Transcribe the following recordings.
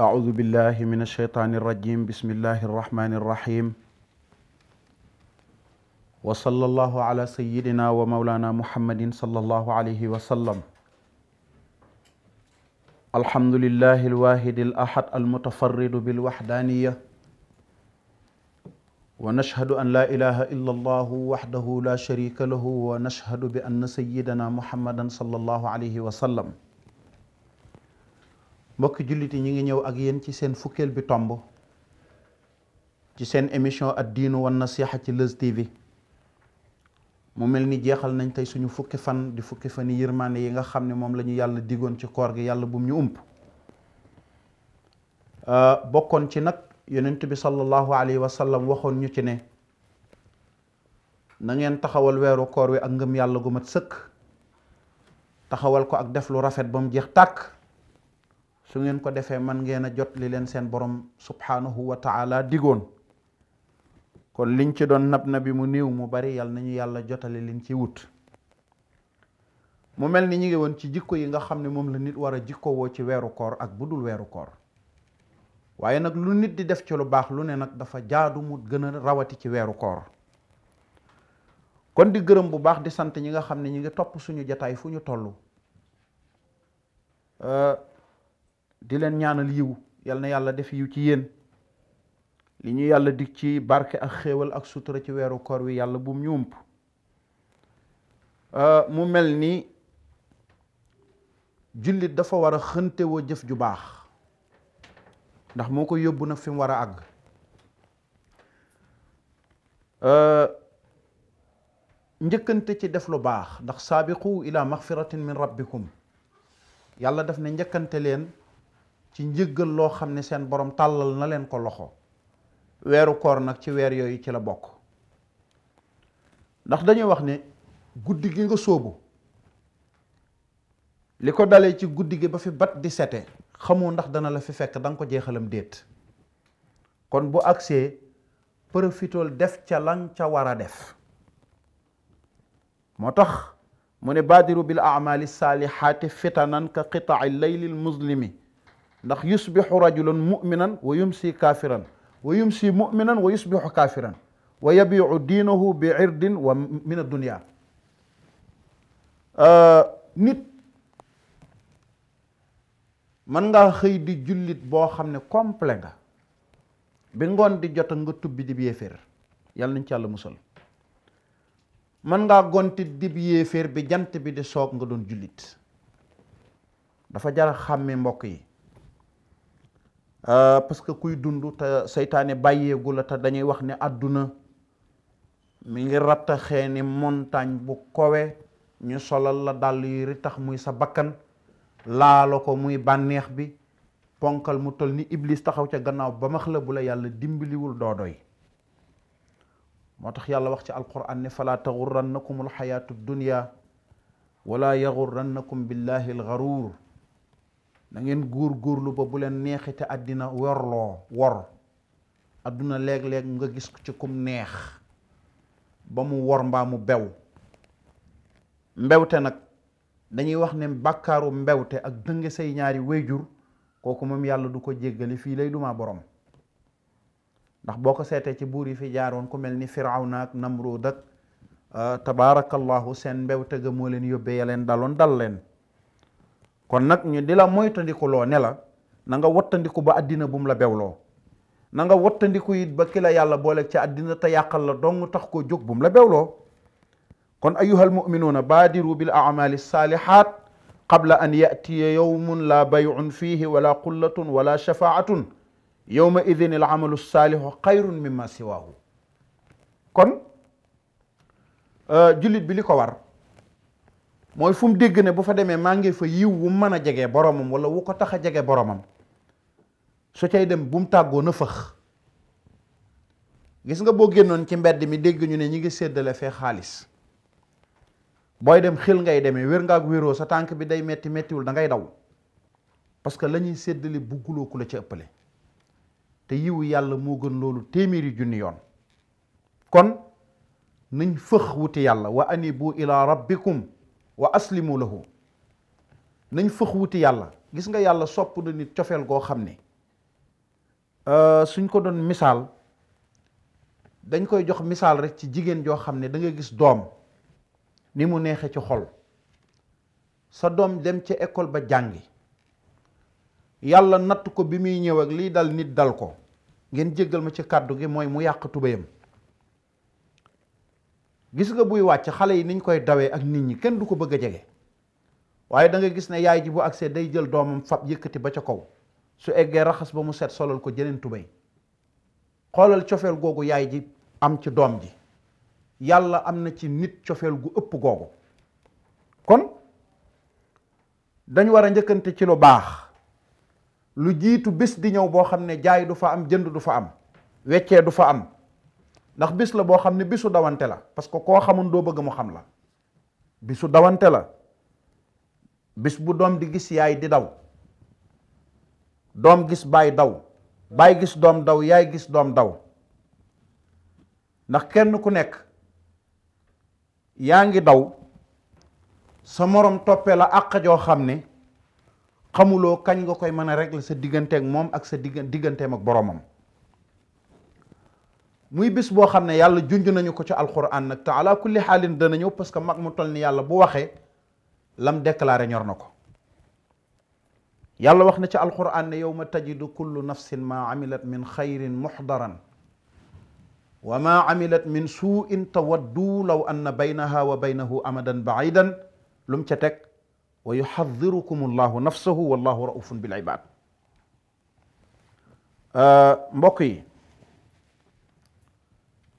أعوذ بالله من الشيطان الرجيم بسم الله الرحمن الرحيم وصلى الله على سيدنا ومولانا محمد صلى الله عليه وسلم الحمد لله الواحد الأحد المتفرد بالوحدانية ونشهد أن لا إله إلا الله وحده لا شريك له ونشهد بأن سيدنا محمدا صلى الله عليه وسلم mbokki jullit yi ñu ngi ñëw ak yéen ci seen fukkeel bi tomb ci seen émission ad diinu wan nasiha ci Leuz TV mu mel ni jeexal nañ tey suñu fukki fan di fukki fan yi yi nga xam ne moom la ñu yàlla diggoon ci koor gi yàlla bu ñu ump euh, bokkoon ci nag yonent bi sallallahu alayhi wa sallam waxoon ñu ci ne na ngeen taxawal weeru koor wi ak ngëm yàlla gu mat sëkk taxawal ko ak def lu rafet ba mu jeex tàkk su ngeen ko defee man ngeen a jot li leen seen borom subhaanahu wa taala digoon kon liñ ci doon nab na bi mu néew mu bari yàlla nañu yàlla jotale liñ ci wut mu mel ni ñu ngi woon ci jikko yi nga xam ne moom la nit war a jikkowoo ci weeru koor ak bu dul weeru koor waaye nag lu nit di def ci lu baax lu ne nag dafa jaadu mu gën a rawati ci weeru koor kon di gërëm bu baax di sant ñi nga xam ne ñi ngi topp suñu jataay fu ñu tollu euh, di leen ñaanal yiw yal na yàlla def yiw ci yéen li ñu yàlla dig ci barke ak xéewal ak sutura ci weeru koor wi yàlla bum ñu ump euh, mu mel ni jullit dafa war a xëntewoo jëf ju baax ndax moo ko yóbbu nag fi mu war a àgg euh, njëkkante ci def lu baax ndax saabiqu ila maxfiratin min rabbikum yàlla def na njëkkante leen ci njëggal loo xam ne seen boroom tàllal na leen ko loxo weeru koor nag ci weer yooyu ci la bokk ndax dañu wax ne guddi gi nga sóobu li ko dalee ci guddi gi ba fi bat di sete xamoo ndax dana la fi fekk danga ko jeexalam déet kon bu agsee profitool def ca lan ca war a def moo tax mu ne baadiru bil amali saalihaati fitanan ka qitaa'i layli l muslimi ndax yusbixu rajulun muminan wa yumsi kaafiran wa yumsi muminan wa yusbixu kaafiran wa yabiu diinahu bi irdin wa min addunia nit mën ngaa xëy di jullit boo xam ne complet nga bi ngoon di jot nga tubbi dib yéeféer yàlla nañ ci yàlla musal mën ngaa gonti dib yéeféer bi jant bi di soog nga doon jullit dafa jara xàmme mbokk yi Euh, parce que kuy dund te seytaane bàyyeegu la te dañuy wax ni àdduna mi ngi rattaxee ni montagne bu kowe ñu solal la dàll yi tax muy sa bakkan laala ko muy bànneex bi ponkal mu tol ni iblis taxaw ca gannaaw ba max la la yàlla dimbaliwul doodoy moo tax yàlla wax ci alquran ne falaa taxurrannakum alxayaatu dunia wala yaxurrannakum billahi alxaruur na ngeen góor góorlu ba bu leen neexite àddina worloo wor àdduna léeg-léeg nga gis ci kum neex ba mu wor mbaa mu bew mbewte nag dañuy wax ne bàkkaaru mbewte ak dënge say ñaari wéyjur kooku moom yàlla du ko jéggale fii lay duma borom ndax boo ko seetee ci buur yi fi jaaroon ku mel ni firawna ak namruud ak ah, tabaarakallahu seen mbewte ga moo leen yóbbee ya leen daloon dal leen kon nag ñu di la moytandikuloo ne la na nga wattandiku ba àddina bu mu la bewloo na nga wattandiku it ba ki la yàlla booleeg ci àddina te yàqal la dong tax koo jóg bu la bewloo kon ayuhal muminuuna baadiru bil amali saalihaat qabla an yatiya yowmun laa bayun fiihi wala qullatun wala shafaatun yowma idin al amalu saalihu xayrun mimma siwaahu kon euh, jullit bi li ko war mooy fu mu dégg ne bu fa demee maa ngi fa yiw wu mën a jege boromam wala wu ko tax a jege boromam su cay dem bu tàggoon a fëx gis nga boo génnoon ci mbedd mi dégg ñu ne ñu ngi séddale fee xaalis booy dem xel ngay demee wér nga wéroo sa tànk bi day metti mettiwul da ngay daw parce que la ñuy séddale bugguloo ku la ci ëppale te yiw yàlla moo gën loolu téeméeri junni yoon kon nañ fëx wuti yàlla wa anibu ila rabbikum wa aslimu lahu nañ fëx wuti yàlla gis nga yàlla sopp na nit cofeel goo xam ne euh, suñ ko doon misaal dañ koy jox misaal rek ci jigéen joo xam ne da nga gis doom ni mu neexee ci xol sa doom dem ca école ba jàngi yàlla natt ko bi muy ñëw ak lii dal nit dal ko ngeen jéggal ma ci kàddu gi mooy mu yàq tubéyam gis nga buy wàcc xale yi niñ koy dawee ak nit ñi kenn du ko bëgg a jege waaye da gis ne yaay ji bu agsee day jël doomam fab yëkkati ba ca kaw su eggee raxas ba mu set solal ko jëneen tubéy xoolal cofeel googu yaay ji am ci doom ji yàlla am na ci nit cofeel gu ëpp googu kon dañ war a njëkkante ci lu baax lu jiitu bés di ñëw boo xam ne jaay du fa am jënd du fa am weccee du fa am ndax bis la boo xam ne bisu dawante la parce que koo xamun doo bëgg mu xam la bisu dawante la bis bu doom di gis yaay di daw doom gis baay daw baay gis doom daw yaay gis doom daw ndax kenn ku nekk yaa ngi daw sa morom toppee la àq joo xam ne xamuloo kañ nga koy mën a régler sa digganteek moom ak sa digganteem ak boroomam muy bis boo xam ne yàlla junj nañu ko ci alquran nag te ala kulli xaalin dana ñëw parce que mag mu toll ni yàlla bu waxee lam déclaré ñor na ko yàlla wax na ci alquran ne yow ma tajidu kullu nafsin maa amilat min xayrin muxdaran wa maa amilat min suuin tawaddu law anna baynaha wa baynahu amadan baidan lum ca teg wa yuxadirukum allahu nafsahu wallahu raufun bil ibad euh, mbokk yi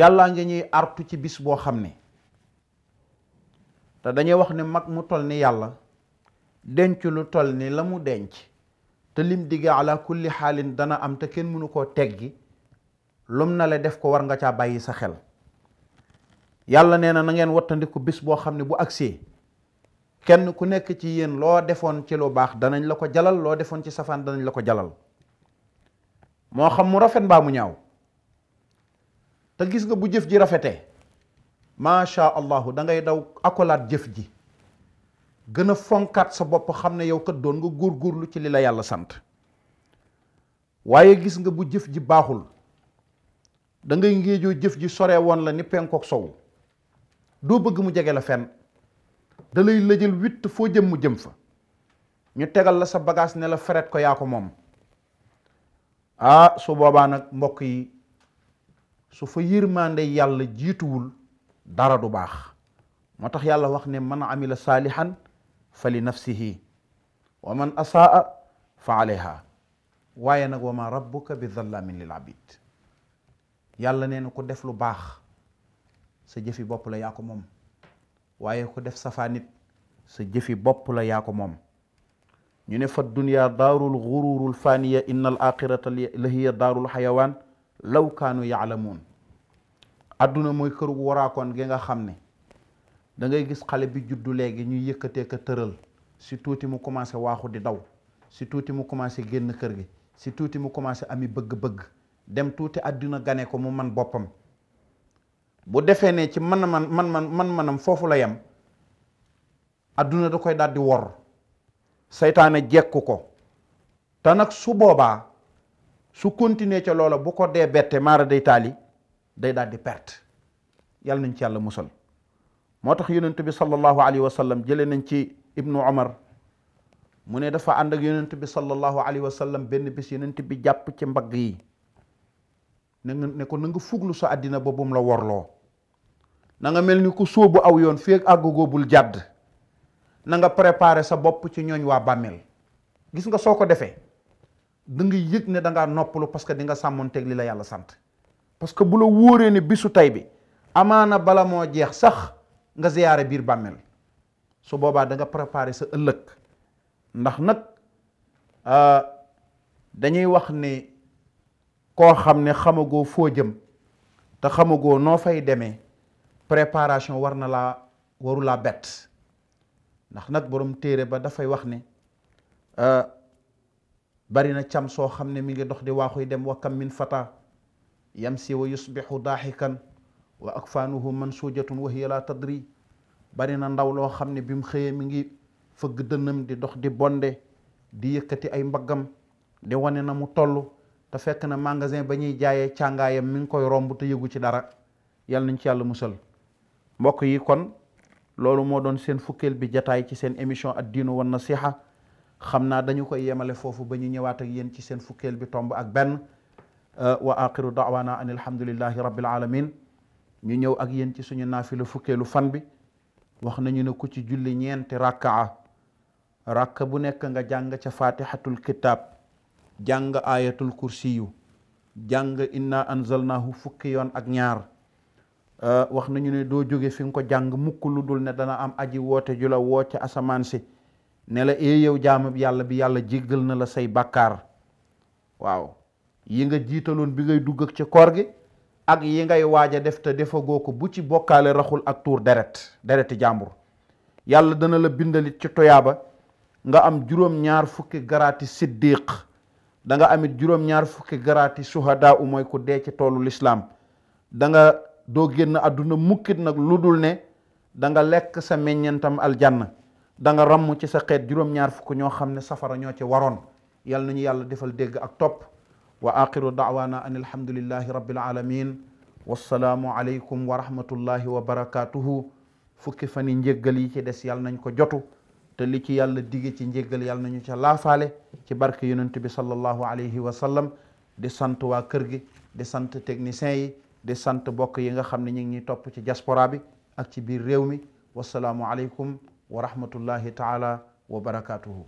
yàllaa ngi ñuy artu ci bis boo xam ne te dañuy wax ne mag mu toll ni yàlla denc lu toll ni la mu denc te lim digge ala kulli xaalin dana am te kenn mënu koo teggi lum na la def ko war nga caa bàyyi sa xel yàlla nee na na ngeen wattandiku bis boo xam ne bu agsee kenn ku nekk ci yéen loo defoon ci lu baax danañ la ko jalal loo defoon ci safaan danañ la ko jalal moo xam mu rafet mbaa mu ñaaw te gis nga bu jëf ji rafetee macha allahu da daw akolaat jëf ji gën a fonkaat sa bopp xam ne yow kat doon nga góor góorlu ci li la yàlla sant waaye gis nga bu jëf ji baaxul dangay ngay ngéejoo jëf ji sore woon la ni penkook sow doo bëgg mu jege la fen dalay lay lëjal witt foo jëm mu jëm fa ñu tegal la sa bagage ne la feret ko yaa ko moom ah su boobaa nag mbokk yi su fa yërmande yàlla jiituwul dara du baax moo tax yàlla wax ne man amila saalihan fa li nafsihi wa man asaa fa aleyha waaye nag wa ma rabbuka bi zallamin lil abid yàlla nee na ku def lu baax sa jëfi bopp la yaa ko moom waaye ku def safaa nit sa jëfi bopp la yaa ko moom ñu ne fa dunya daarul gururul faniya inna al axirata la hiya daarul xayawaan law kaanu yaalamuun adduna mooy kër gu waraakoon gi nga xam ne da ngay gis xale bi juddu léegi ñuy yëkkatee ko tëral si tuuti mu commencé waaxu di daw si tuuti mu commencé génn kër gi si tuuti mu commencé ami bëgg-bëgg dem tuuti adduna gane ko mu man boppam bu defee ne ci man man man man man manam foofu la yem adduna da koy daal di wor seytaane jekku ko te nag su boobaa su continuer ca loola bu ko dee bettee maara day taali day daal di perte yàlla nañ ci yàlla musal moo tax yonent bi sallallahu alayhi wa sallam jëlee nañ ci ibnu omar mu ne dafa ànd ak yonent bi sallallahu alayhi wa sallam benn bis yonent bi jàpp ci mbagg yi ne nga ne ko na nga fuglu sa àddina ba bum la worloo nanga mel ni ku sóobu aw yoon feeg àggugoo bul jàdd na nga préparer sa bopp ci ñooñ waa bàmmeel gis nga soo ko defee da nga yëg ne da ngaa noppalu parce que di nga sàmmoon teg li la yàlla sant parce que bu la wóoree ne bisu tay bi amaana bala moo jeex sax nga ziyaare biir bàmmeel su boobaa danga préparer sa ëllëg ndax nag euh, dañuy wax ne koo xam ne xamagoo foo jëm te xamagoo noo fay demee préparation war na laa warulaa bett ndax nag borom téere ba dafay wax ne euh, bari na cam soo xam ne mi ngi dox di waaxuy dem wa kam min fata yamsi wa yusbixu daaxikan wa akfaanuhu mansuujatun wa wax laa tadri bari na ndaw loo xam ne bi mu xëyee mi ngi fëgg dënnam di dox di bonde di yëkkati ay mbaggam di wane na mu toll te fekk na magasin ba ñuy jaayee càngaayam mi ngi koy romb te yëgu ci dara yàlla nañ ci yàlla musal mbokk yi kon loolu moo doon seen fukkeel bi jataay ci seen émission ad diinu wan nasiha xam naa dañu koy yemale foofu ba ñu ñëwaat ak yéen ci seen fukkeel bi tomb ak benn euh, wa axiru daawana an alhamdulillahi rabbil alamin ñu ñëw ak yéen ci suñu naafilu fukkeelu fan bi wax nañu ne ku ci julli ñeenti rakkaa rakka bu nekk nga jàng ca fatihatul kitab jàng ayatul kursiyu jàng inna anzalnahu fukki yoon ak ñaar euh, wax nañu ne doo jóge fi nga ko jàng mukk lu dul ne dana am aji woote jula la woo ca asamaan si ne la ee yow jaamab yàlla bi yàlla jéggal na la say bakkaar waaw yi nga jiitaloon bi ngay dugg ak ci koor gi ak yi ngay waaj a def te defagoo ko bu ci bokkaale raxul ak tuur deret dereti jàmbur yàlla dana la bindalit ci toyaaba nga am juróom-ñaar fukki garaati siddiq da amit juróom-ñaar fukki garaati suhadaa u mooy ku dee ci toolu lislaam danga doo génn àdduna mukkit nag lu dul ne danga lekk sa meññentam aljanna da nga ramm ci sa xeet juróom-ñaar fukk ñoo xam ne safara ñoo ci waroon yal nañu yàlla defal dégg ak topp wa axiru daawaana an alhamdulillahi rabbil alamin wassalaamu aleykum wa rahmatullahi wa barakatuhu fukki fan yi njéggal yi ci des yàlla nañ ko jotu te li ci yàlla dige ci njéggal yàlla nañu ca laafaale ci barke yonent bi sallallahu alayhi wa sallam di sant waa kër gi di sant techniciens yi di sant bokk yi nga xam ne ñu ngi ñuy topp ci diaspora ak ci biir réew mi wa rahmatullahi taala wa barakatuhu